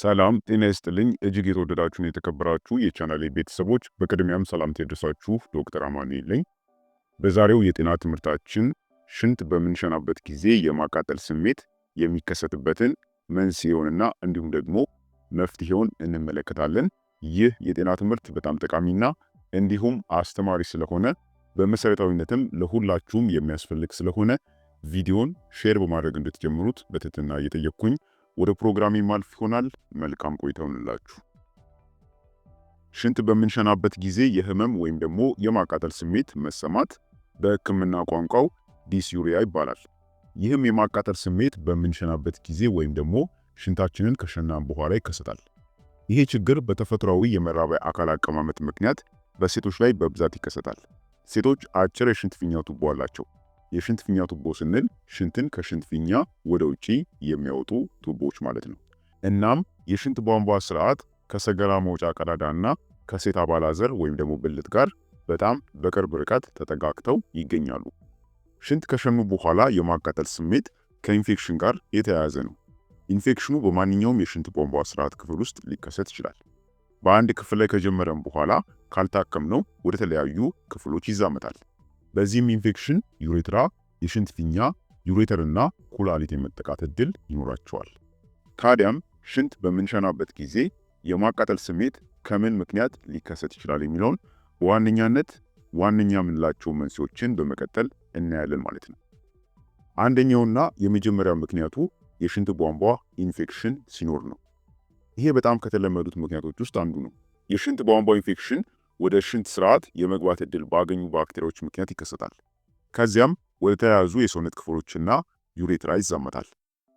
ሰላም ጤና ይስጥልኝ። እጅግ የተወደዳችሁን የተከበራችሁ የቻናሌ ቤተሰቦች በቅድሚያም ሰላምታ ይድረሳችሁ። ዶክተር አማኑኤል ነኝ። በዛሬው የጤና ትምህርታችን ሽንት በምንሸናበት ጊዜ የማቃጠል ስሜት የሚከሰትበትን መንስኤውንና እንዲሁም ደግሞ መፍትሄውን እንመለከታለን። ይህ የጤና ትምህርት በጣም ጠቃሚና እንዲሁም አስተማሪ ስለሆነ በመሰረታዊነትም ለሁላችሁም የሚያስፈልግ ስለሆነ ቪዲዮን ሼር በማድረግ እንድትጀምሩት በትህትና እየጠየቅኩኝ ወደ ፕሮግራም ማልፍ ይሆናል። መልካም ቆይተውንላችሁ። ሽንት በምንሸናበት ጊዜ የህመም ወይም ደግሞ የማቃጠል ስሜት መሰማት በህክምና ቋንቋው ዲስዩሪያ ይባላል። ይህም የማቃጠል ስሜት በምንሸናበት ጊዜ ወይም ደግሞ ሽንታችንን ከሸናን በኋላ ይከሰታል። ይሄ ችግር በተፈጥሯዊ የመራቢያ አካል አቀማመጥ ምክንያት በሴቶች ላይ በብዛት ይከሰታል። ሴቶች አጭር የሽንት ፊኛ ቱቦ አላቸው። የሽንት ፊኛ ቱቦ ስንል ሽንትን ከሽንት ፊኛ ወደ ውጪ የሚያወጡ ቱቦዎች ማለት ነው። እናም የሽንት ቧንቧ ስርዓት ከሰገራ መውጫ ቀዳዳና ከሴት አባላዘር ወይም ደግሞ ብልት ጋር በጣም በቅርብ ርቀት ተጠጋግተው ይገኛሉ። ሽንት ከሸኑ በኋላ የማቃጠል ስሜት ከኢንፌክሽን ጋር የተያያዘ ነው። ኢንፌክሽኑ በማንኛውም የሽንት ቧንቧ ስርዓት ክፍል ውስጥ ሊከሰት ይችላል። በአንድ ክፍል ላይ ከጀመረም በኋላ ካልታከምነው ወደ ተለያዩ ክፍሎች ይዛመታል። በዚህም ኢንፌክሽን ዩሬትራ፣ የሽንት ፊኛ፣ ዩሬተርና ኩላሊት የመጠቃት እድል ይኖራቸዋል። ታዲያም ሽንት በምንሸናበት ጊዜ የማቃጠል ስሜት ከምን ምክንያት ሊከሰት ይችላል የሚለውን በዋነኛነት ዋነኛ የምንላቸው መንስኤዎችን በመቀጠል እናያለን ማለት ነው። አንደኛውና የመጀመሪያው ምክንያቱ የሽንት ቧንቧ ኢንፌክሽን ሲኖር ነው። ይሄ በጣም ከተለመዱት ምክንያቶች ውስጥ አንዱ ነው። የሽንት ቧንቧ ኢንፌክሽን ወደ ሽንት ስርዓት የመግባት እድል ባገኙ ባክቴሪያዎች ምክንያት ይከሰታል። ከዚያም ወደ ተያያዙ የሰውነት ክፍሎችና ዩሬትራ ይዛመታል።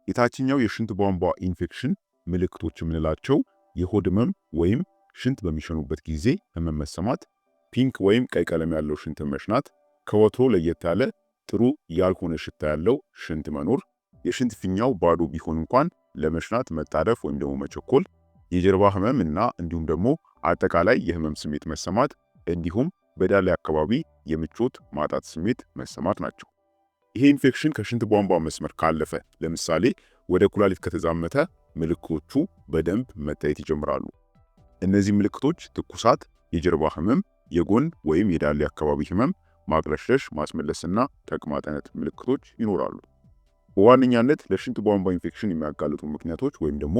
የታችኛው የሽንት ቧንቧ ኢንፌክሽን ምልክቶች የምንላቸው የሆድ ህመም ወይም ሽንት በሚሸኑበት ጊዜ ህመም መሰማት፣ ፒንክ ወይም ቀይ ቀለም ያለው ሽንት መሽናት፣ ከወትሮ ለየት ያለ ጥሩ ያልሆነ ሽታ ያለው ሽንት መኖር፣ የሽንት ፊኛው ባዶ ቢሆን እንኳን ለመሽናት መጣደፍ ወይም ደግሞ መቸኮል፣ የጀርባ ህመም እና እንዲሁም ደግሞ አጠቃላይ የህመም ስሜት መሰማት እንዲሁም በዳሌ አካባቢ የምቾት ማጣት ስሜት መሰማት ናቸው። ይሄ ኢንፌክሽን ከሽንት ቧንቧ መስመር ካለፈ ለምሳሌ ወደ ኩላሊት ከተዛመተ ምልክቶቹ በደንብ መታየት ይጀምራሉ። እነዚህ ምልክቶች ትኩሳት፣ የጀርባ ህመም፣ የጎን ወይም የዳሌ አካባቢ ህመም፣ ማቅለሽለሽ፣ ማስመለስና ተቅማጠነት ምልክቶች ይኖራሉ። በዋነኛነት ለሽንት ቧንቧ ኢንፌክሽን የሚያጋልጡ ምክንያቶች ወይም ደግሞ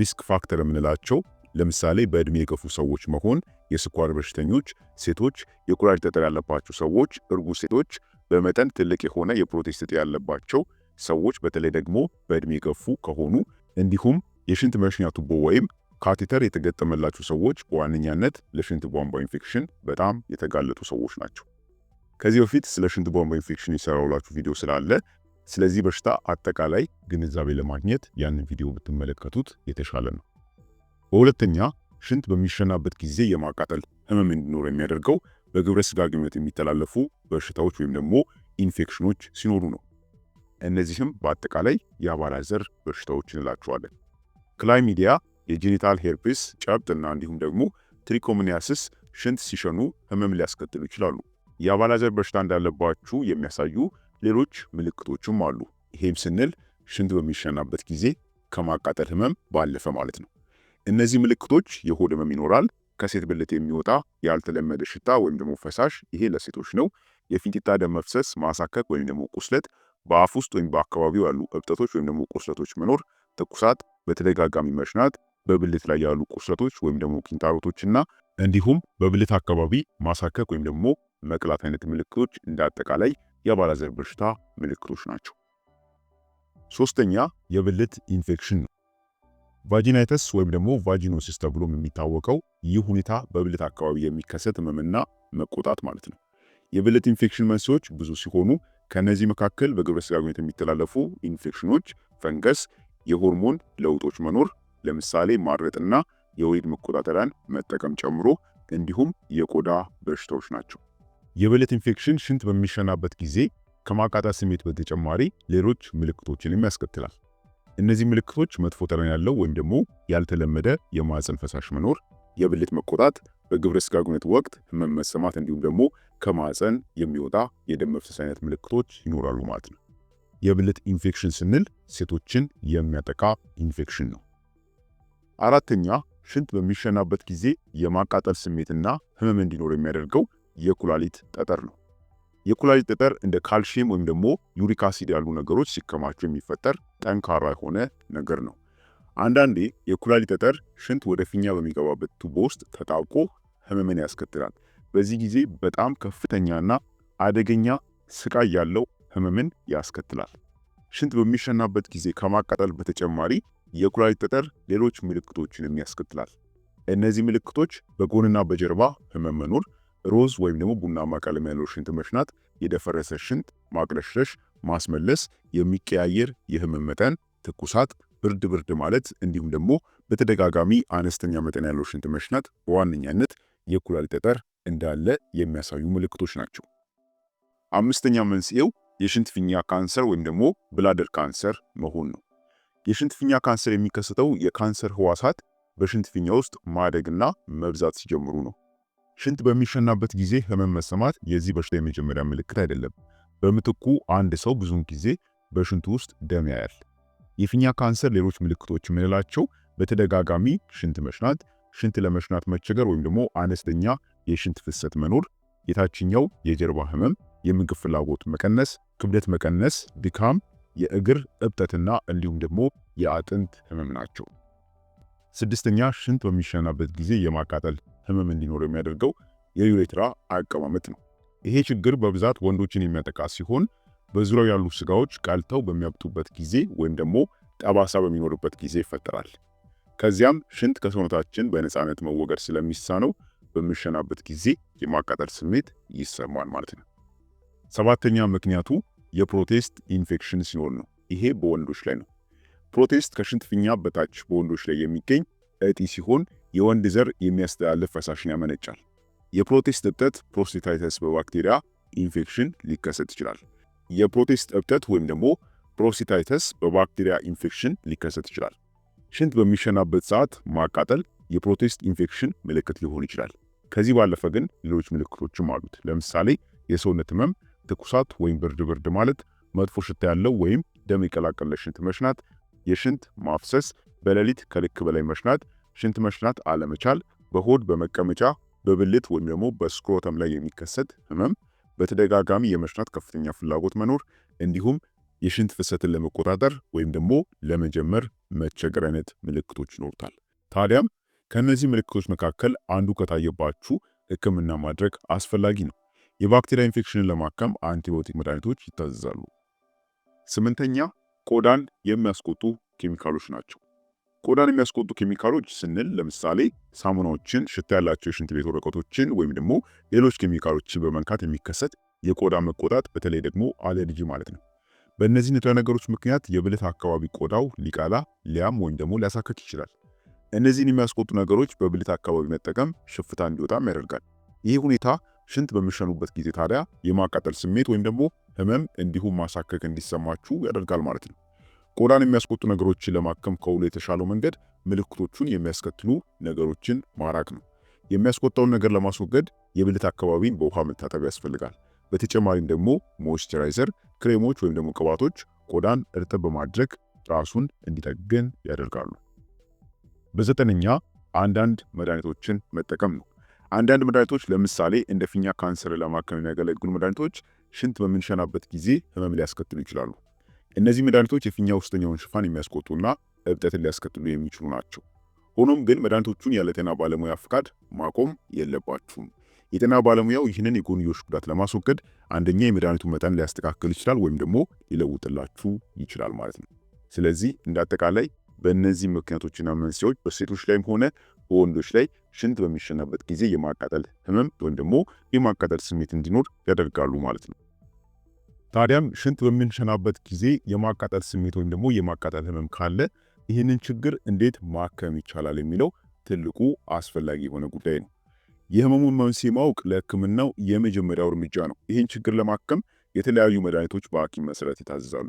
ሪስክ ፋክተር የምንላቸው ለምሳሌ በእድሜ የገፉ ሰዎች መሆን፣ የስኳር በሽተኞች፣ ሴቶች፣ የኩላሊት ጠጠር ያለባቸው ሰዎች፣ እርጉዝ ሴቶች፣ በመጠን ትልቅ የሆነ የፕሮቲን ስጥ ያለባቸው ሰዎች በተለይ ደግሞ በእድሜ የገፉ ከሆኑ እንዲሁም የሽንት መሽኛ ቱቦ ወይም ካቴተር የተገጠመላቸው ሰዎች በዋነኛነት ለሽንት ቧንቧ ኢንፌክሽን በጣም የተጋለጡ ሰዎች ናቸው። ከዚህ በፊት ስለ ሽንት ቧንቧ ኢንፌክሽን የሰራውላችሁ ቪዲዮ ስላለ ስለዚህ በሽታ አጠቃላይ ግንዛቤ ለማግኘት ያንን ቪዲዮ ብትመለከቱት የተሻለ ነው። በሁለተኛ ሽንት በሚሸናበት ጊዜ የማቃጠል ህመም እንዲኖር የሚያደርገው በግብረ ስጋ ግንኙነት የሚተላለፉ በሽታዎች ወይም ደግሞ ኢንፌክሽኖች ሲኖሩ ነው። እነዚህም በአጠቃላይ የአባላዘር በሽታዎች እንላቸዋለን። ክላሚዲያ፣ የጄኒታል ሄርፒስ፣ ጨብጥና እንዲሁም ደግሞ ትሪኮሚኒያስስ ሽንት ሲሸኑ ህመም ሊያስከትሉ ይችላሉ። የአባላዘር በሽታ እንዳለባችሁ የሚያሳዩ ሌሎች ምልክቶችም አሉ። ይሄም ስንል ሽንት በሚሸናበት ጊዜ ከማቃጠል ህመም ባለፈ ማለት ነው። እነዚህ ምልክቶች የሆድ ህመም ይኖራል፣ ከሴት ብልት የሚወጣ ያልተለመደ ሽታ ወይም ደግሞ ፈሳሽ፣ ይሄ ለሴቶች ነው። የፊንጢጣ ደም መፍሰስ፣ ማሳከክ ወይም ደግሞ ቁስለት፣ በአፍ ውስጥ ወይም በአካባቢው ያሉ እብጠቶች ወይም ደግሞ ቁስለቶች መኖር፣ ትኩሳት፣ በተደጋጋሚ መሽናት፣ በብልት ላይ ያሉ ቁስለቶች ወይም ደግሞ ኪንታሮቶችና እንዲሁም በብልት አካባቢ ማሳከክ ወይም ደግሞ መቅላት አይነት ምልክቶች እንደ አጠቃላይ የአባላዘር በሽታ ምልክቶች ናቸው። ሶስተኛ የብልት ኢንፌክሽን ነው። ቫጂናይተስ ወይም ደግሞ ቫጂኖሲስ ተብሎም የሚታወቀው ይህ ሁኔታ በብልት አካባቢ የሚከሰት ህመምና መቆጣት ማለት ነው። የብልት ኢንፌክሽን መንስኤዎች ብዙ ሲሆኑ ከነዚህ መካከል በግብረ ስጋ ግንኙነት የሚተላለፉ ኢንፌክሽኖች፣ ፈንገስ፣ የሆርሞን ለውጦች መኖር ለምሳሌ ማረጥና የወሊድ መቆጣጠሪያን መጠቀም ጨምሮ እንዲሁም የቆዳ በሽታዎች ናቸው። የብልት ኢንፌክሽን ሽንት በሚሸናበት ጊዜ ከማቃጠል ስሜት በተጨማሪ ሌሎች ምልክቶችንም ያስከትላል። እነዚህ ምልክቶች መጥፎ ጠረን ያለው ወይም ደግሞ ያልተለመደ የማህፀን ፈሳሽ መኖር፣ የብልት መቆጣት፣ በግብረ ስጋ ግንኙነት ወቅት ህመም መሰማት እንዲሁም ደግሞ ከማህፀን የሚወጣ የደም መፍሰስ አይነት ምልክቶች ይኖራሉ ማለት ነው። የብልት ኢንፌክሽን ስንል ሴቶችን የሚያጠቃ ኢንፌክሽን ነው። አራተኛ ሽንት በሚሸናበት ጊዜ የማቃጠል ስሜትና ህመም እንዲኖር የሚያደርገው የኩላሊት ጠጠር ነው። የኩላሊት ጠጠር እንደ ካልሽየም ወይም ደግሞ ዩሪክ አሲድ ያሉ ነገሮች ሲከማቹ የሚፈጠር ጠንካራ የሆነ ነገር ነው። አንዳንዴ የኩላሊት ጠጠር ሽንት ወደ ፊኛ በሚገባበት ቱቦ ውስጥ ተጣብቆ ህመምን ያስከትላል። በዚህ ጊዜ በጣም ከፍተኛና አደገኛ ስቃይ ያለው ህመምን ያስከትላል። ሽንት በሚሸናበት ጊዜ ከማቃጠል በተጨማሪ የኩላሊት ጠጠር ሌሎች ምልክቶችንም ያስከትላል። እነዚህ ምልክቶች በጎንና በጀርባ ህመም መኖር፣ ሮዝ ወይም ደግሞ ቡናማ ቀለም ያለው ሽንት መሽናት፣ የደፈረሰ ሽንት ማቅለሽለሽ፣ ማስመለስ፣ የሚቀያየር የህመም መጠን፣ ትኩሳት፣ ብርድ ብርድ ማለት እንዲሁም ደግሞ በተደጋጋሚ አነስተኛ መጠን ያለው ሽንት መሽናት በዋነኛነት የኩላሊት ጠጠር እንዳለ የሚያሳዩ ምልክቶች ናቸው። አምስተኛ መንስኤው የሽንት ፊኛ ካንሰር ወይም ደግሞ ብላደር ካንሰር መሆን ነው። የሽንት ፊኛ ካንሰር የሚከሰተው የካንሰር ህዋሳት በሽንት ፊኛ ውስጥ ማደግና መብዛት ሲጀምሩ ነው። ሽንት በሚሸናበት ጊዜ ህመም መሰማት የዚህ በሽታ የመጀመሪያ ምልክት አይደለም። በምትኩ አንድ ሰው ብዙውን ጊዜ በሽንቱ ውስጥ ደም ያያል። የፊኛ ካንሰር ሌሎች ምልክቶች የምንላቸው በተደጋጋሚ ሽንት መሽናት፣ ሽንት ለመሽናት መቸገር ወይም ደግሞ አነስተኛ የሽንት ፍሰት መኖር፣ የታችኛው የጀርባ ህመም፣ የምግብ ፍላጎት መቀነስ፣ ክብደት መቀነስ፣ ድካም፣ የእግር እብጠትና እንዲሁም ደግሞ የአጥንት ህመም ናቸው። ስድስተኛ ሽንት በሚሸናበት ጊዜ የማቃጠል ህመም እንዲኖረው የሚያደርገው የዩሬትራ አቀማመጥ ነው። ይሄ ችግር በብዛት ወንዶችን የሚያጠቃ ሲሆን በዙሪያው ያሉ ስጋዎች ቀልተው በሚያብጡበት ጊዜ ወይም ደግሞ ጠባሳ በሚኖርበት ጊዜ ይፈጠራል። ከዚያም ሽንት ከሰውነታችን በነፃነት መወገድ ስለሚሳነው በሚሸናበት ጊዜ የማቃጠል ስሜት ይሰማል ማለት ነው። ሰባተኛ ምክንያቱ የፕሮቴስት ኢንፌክሽን ሲኖር ነው። ይሄ በወንዶች ላይ ነው። ፕሮቴስት ከሽንት ፊኛ በታች በወንዶች ላይ የሚገኝ እጢ ሲሆን የወንድ ዘር የሚያስተላልፍ ፈሳሽን ያመነጫል። የፕሮቴስት እብጠት ፕሮስቲታይተስ በባክቴሪያ ኢንፌክሽን ሊከሰት ይችላል። የፕሮቴስት እብጠት ወይም ደግሞ ፕሮስቲታይተስ በባክቴሪያ ኢንፌክሽን ሊከሰት ይችላል። ሽንት በሚሸናበት ሰዓት ማቃጠል የፕሮቴስት ኢንፌክሽን ምልክት ሊሆን ይችላል። ከዚህ ባለፈ ግን ሌሎች ምልክቶችም አሉት። ለምሳሌ የሰውነት ህመም፣ ትኩሳት ወይም ብርድ ብርድ ማለት፣ መጥፎ ሽታ ያለው ወይም ደም የቀላቀለ ሽንት መሽናት፣ የሽንት ማፍሰስ፣ በሌሊት ከልክ በላይ መሽናት፣ ሽንት መሽናት አለመቻል፣ በሆድ በመቀመጫ በብልት ወይም ደግሞ በስክሮተም ላይ የሚከሰት ህመም፣ በተደጋጋሚ የመሽናት ከፍተኛ ፍላጎት መኖር እንዲሁም የሽንት ፍሰትን ለመቆጣጠር ወይም ደግሞ ለመጀመር መቸገር አይነት ምልክቶች ይኖሩታል። ታዲያም ከእነዚህ ምልክቶች መካከል አንዱ ከታየባችሁ ህክምና ማድረግ አስፈላጊ ነው። የባክቴሪያ ኢንፌክሽንን ለማከም አንቲባዮቲክ መድኃኒቶች ይታዘዛሉ። ስምንተኛ ቆዳን የሚያስቆጡ ኬሚካሎች ናቸው። ቆዳን የሚያስቆጡ ኬሚካሎች ስንል ለምሳሌ ሳሙናዎችን፣ ሽታ ያላቸው የሽንት ቤት ወረቀቶችን ወይም ደግሞ ሌሎች ኬሚካሎችን በመንካት የሚከሰት የቆዳ መቆጣት በተለይ ደግሞ አለርጂ ማለት ነው። በእነዚህ ንጥረ ነገሮች ምክንያት የብልት አካባቢ ቆዳው ሊቃላ፣ ሊያም ወይም ደግሞ ሊያሳከክ ይችላል። እነዚህን የሚያስቆጡ ነገሮች በብልት አካባቢ መጠቀም ሽፍታ እንዲወጣም ያደርጋል። ይህ ሁኔታ ሽንት በሚሸኑበት ጊዜ ታዲያ የማቃጠል ስሜት ወይም ደግሞ ህመም እንዲሁም ማሳከክ እንዲሰማችሁ ያደርጋል ማለት ነው። ቆዳን የሚያስቆጡ ነገሮችን ለማከም ከሁሉ የተሻለው መንገድ ምልክቶቹን የሚያስከትሉ ነገሮችን ማራቅ ነው። የሚያስቆጣውን ነገር ለማስወገድ የብልት አካባቢን በውሃ መታጠብ ያስፈልጋል። በተጨማሪም ደግሞ ሞይስቸራይዘር፣ ክሬሞች ወይም ደግሞ ቅባቶች ቆዳን እርጥብ በማድረግ ራሱን እንዲጠግን ያደርጋሉ። በዘጠነኛ አንዳንድ መድኃኒቶችን መጠቀም ነው። አንዳንድ መድኃኒቶች ለምሳሌ እንደ ፊኛ ካንሰር ለማከም የሚያገለግሉ መድኃኒቶች ሽንት በምንሸናበት ጊዜ ህመም ሊያስከትሉ ይችላሉ። እነዚህ መድኃኒቶች የፊኛ ውስጠኛውን ሽፋን የሚያስቆጡና እብጠትን ሊያስከትሉ የሚችሉ ናቸው። ሆኖም ግን መድኃኒቶቹን ያለ ጤና ባለሙያ ፍቃድ ማቆም የለባችሁም። የጤና ባለሙያው ይህንን የጎንዮሽ ጉዳት ለማስወገድ አንደኛ የመድኃኒቱን መጠን ሊያስተካክል ይችላል ወይም ደግሞ ሊለውጥላችሁ ይችላል ማለት ነው። ስለዚህ እንዳጠቃላይ በእነዚህ ምክንያቶችና መንስኤዎች በሴቶች ላይም ሆነ በወንዶች ላይ ሽንት በሚሸናበት ጊዜ የማቃጠል ህመም ወይም ደግሞ የማቃጠል ስሜት እንዲኖር ያደርጋሉ ማለት ነው። ታዲያም ሽንት በምንሸናበት ጊዜ የማቃጠል ስሜት ወይም ደግሞ የማቃጠል ህመም ካለ ይህንን ችግር እንዴት ማከም ይቻላል የሚለው ትልቁ አስፈላጊ የሆነ ጉዳይ ነው። የህመሙን መንስኤ ማወቅ ለህክምናው የመጀመሪያው እርምጃ ነው። ይህን ችግር ለማከም የተለያዩ መድኃኒቶች በሐኪም መሰረት ይታዘዛሉ።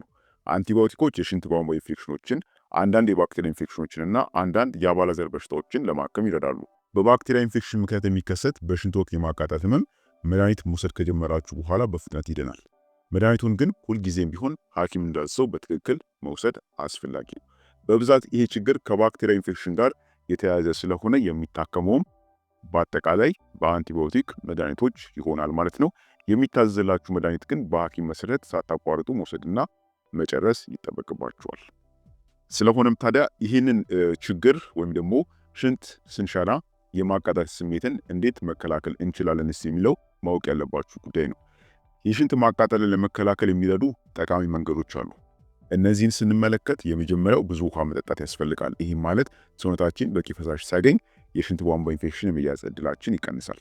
አንቲባዮቲኮች የሽንት ቧንቧ ኢንፌክሽኖችን፣ አንዳንድ የባክቴሪያ ኢንፌክሽኖችን እና አንዳንድ የአባላዘር በሽታዎችን ለማከም ይረዳሉ። በባክቴሪያ ኢንፌክሽን ምክንያት የሚከሰት በሽንት ወቅት የማቃጠል ህመም መድኃኒት መውሰድ ከጀመራችሁ በኋላ በፍጥነት ይድናል። መድኃኒቱን ግን ሁልጊዜም ቢሆን ሐኪም እንዳዘዘው በትክክል መውሰድ አስፈላጊ ነው። በብዛት ይሄ ችግር ከባክቴሪያ ኢንፌክሽን ጋር የተያያዘ ስለሆነ የሚታከመውም በአጠቃላይ በአንቲባዮቲክ መድኃኒቶች ይሆናል ማለት ነው። የሚታዘዝላችሁ መድኃኒት ግን በሐኪም መሰረት ሳታቋርጡ መውሰድና መጨረስ ይጠበቅባችኋል። ስለሆነም ታዲያ ይህንን ችግር ወይም ደግሞ ሽንት ስንሸና የማቃጠል ስሜትን እንዴት መከላከል እንችላለን የሚለው ማወቅ ያለባችሁ ጉዳይ ነው። የሽንት ማቃጠልን ለመከላከል የሚረዱ ጠቃሚ መንገዶች አሉ። እነዚህን ስንመለከት የመጀመሪያው ብዙ ውሃ መጠጣት ያስፈልጋል። ይህም ማለት ሰውነታችን በቂ ፈሳሽ ሲያገኝ የሽንት ቧንቧ ኢንፌክሽን የመያዝ እድላችን ይቀንሳል።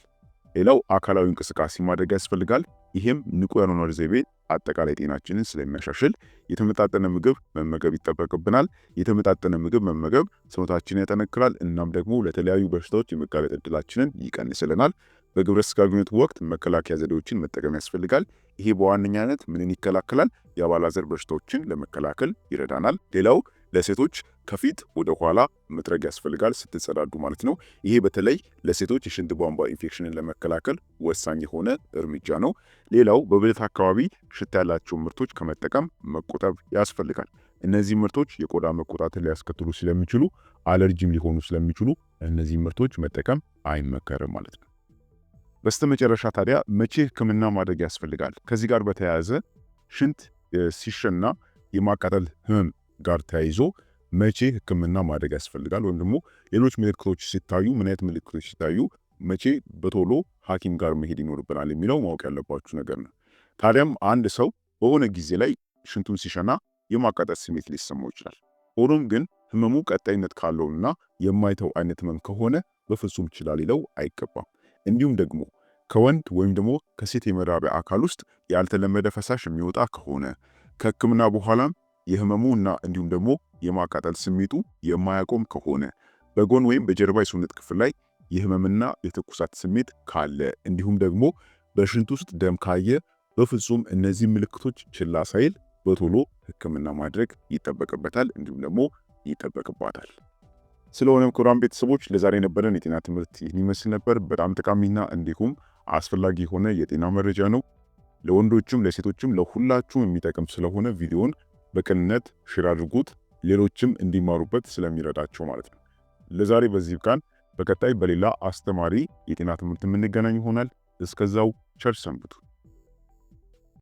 ሌላው አካላዊ እንቅስቃሴ ማድረግ ያስፈልጋል። ይህም ንቁ የአኗኗር ዘይቤ አጠቃላይ ጤናችንን ስለሚያሻሽል የተመጣጠነ ምግብ መመገብ ይጠበቅብናል። የተመጣጠነ ምግብ መመገብ ሰውነታችንን ያጠነክራል፣ እናም ደግሞ ለተለያዩ በሽታዎች የመጋለጥ እድላችንን ይቀንስልናል። በግብረ ስጋ ግንኙነት ወቅት መከላከያ ዘዴዎችን መጠቀም ያስፈልጋል። ይሄ በዋነኛነት ምንን ይከላከላል? የአባላዘር በሽታዎችን ለመከላከል ይረዳናል። ሌላው ለሴቶች ከፊት ወደ ኋላ መጥረግ ያስፈልጋል ስትጸዳዱ ማለት ነው። ይሄ በተለይ ለሴቶች የሽንት ቧንቧ ኢንፌክሽንን ለመከላከል ወሳኝ የሆነ እርምጃ ነው። ሌላው በብልት አካባቢ ሽታ ያላቸው ምርቶች ከመጠቀም መቆጠብ ያስፈልጋል። እነዚህ ምርቶች የቆዳ መቆጣትን ሊያስከትሉ ስለሚችሉ አለርጂም ሊሆኑ ስለሚችሉ እነዚህ ምርቶች መጠቀም አይመከርም ማለት ነው። በስተመጨረሻ ታዲያ መቼ ህክምና ማድረግ ያስፈልጋል? ከዚህ ጋር በተያያዘ ሽንት ሲሸና የማቃጠል ህመም ጋር ተያይዞ መቼ ህክምና ማድረግ ያስፈልጋል? ወይም ደግሞ ሌሎች ምልክቶች ሲታዩ፣ ምን አይነት ምልክቶች ሲታዩ መቼ በቶሎ ሐኪም ጋር መሄድ ይኖርብናል የሚለው ማወቅ ያለባችሁ ነገር ነው። ታዲያም አንድ ሰው በሆነ ጊዜ ላይ ሽንቱን ሲሸና የማቃጠል ስሜት ሊሰማው ይችላል። ሆኖም ግን ህመሙ ቀጣይነት ካለውና የማይተው አይነት ህመም ከሆነ በፍጹም ይችላል ሊለው አይገባም። እንዲሁም ደግሞ ከወንድ ወይም ደግሞ ከሴት የመራቢያ አካል ውስጥ ያልተለመደ ፈሳሽ የሚወጣ ከሆነ ከህክምና በኋላም የህመሙ እና እንዲሁም ደግሞ የማቃጠል ስሜቱ የማያቆም ከሆነ በጎን ወይም በጀርባ የሰውነት ክፍል ላይ የህመምና የትኩሳት ስሜት ካለ እንዲሁም ደግሞ በሽንት ውስጥ ደም ካየ በፍጹም እነዚህ ምልክቶች ችላ ሳይል በቶሎ ህክምና ማድረግ ይጠበቅበታል እንዲሁም ደግሞ ይጠበቅባታል። ስለሆነም ክቡራን ቤተሰቦች ለዛሬ የነበረን የጤና ትምህርት ይህን ይመስል ነበር። በጣም ጠቃሚና እንዲሁም አስፈላጊ የሆነ የጤና መረጃ ነው። ለወንዶችም ለሴቶችም ለሁላችሁም የሚጠቅም ስለሆነ ቪዲዮን በቅንነት ሽር አድርጉት፣ ሌሎችም እንዲማሩበት ስለሚረዳቸው ማለት ነው። ለዛሬ በዚህ ይብቃን። በቀጣይ በሌላ አስተማሪ የጤና ትምህርት የምንገናኝ ይሆናል። እስከዛው ቸር ሰንብቱ።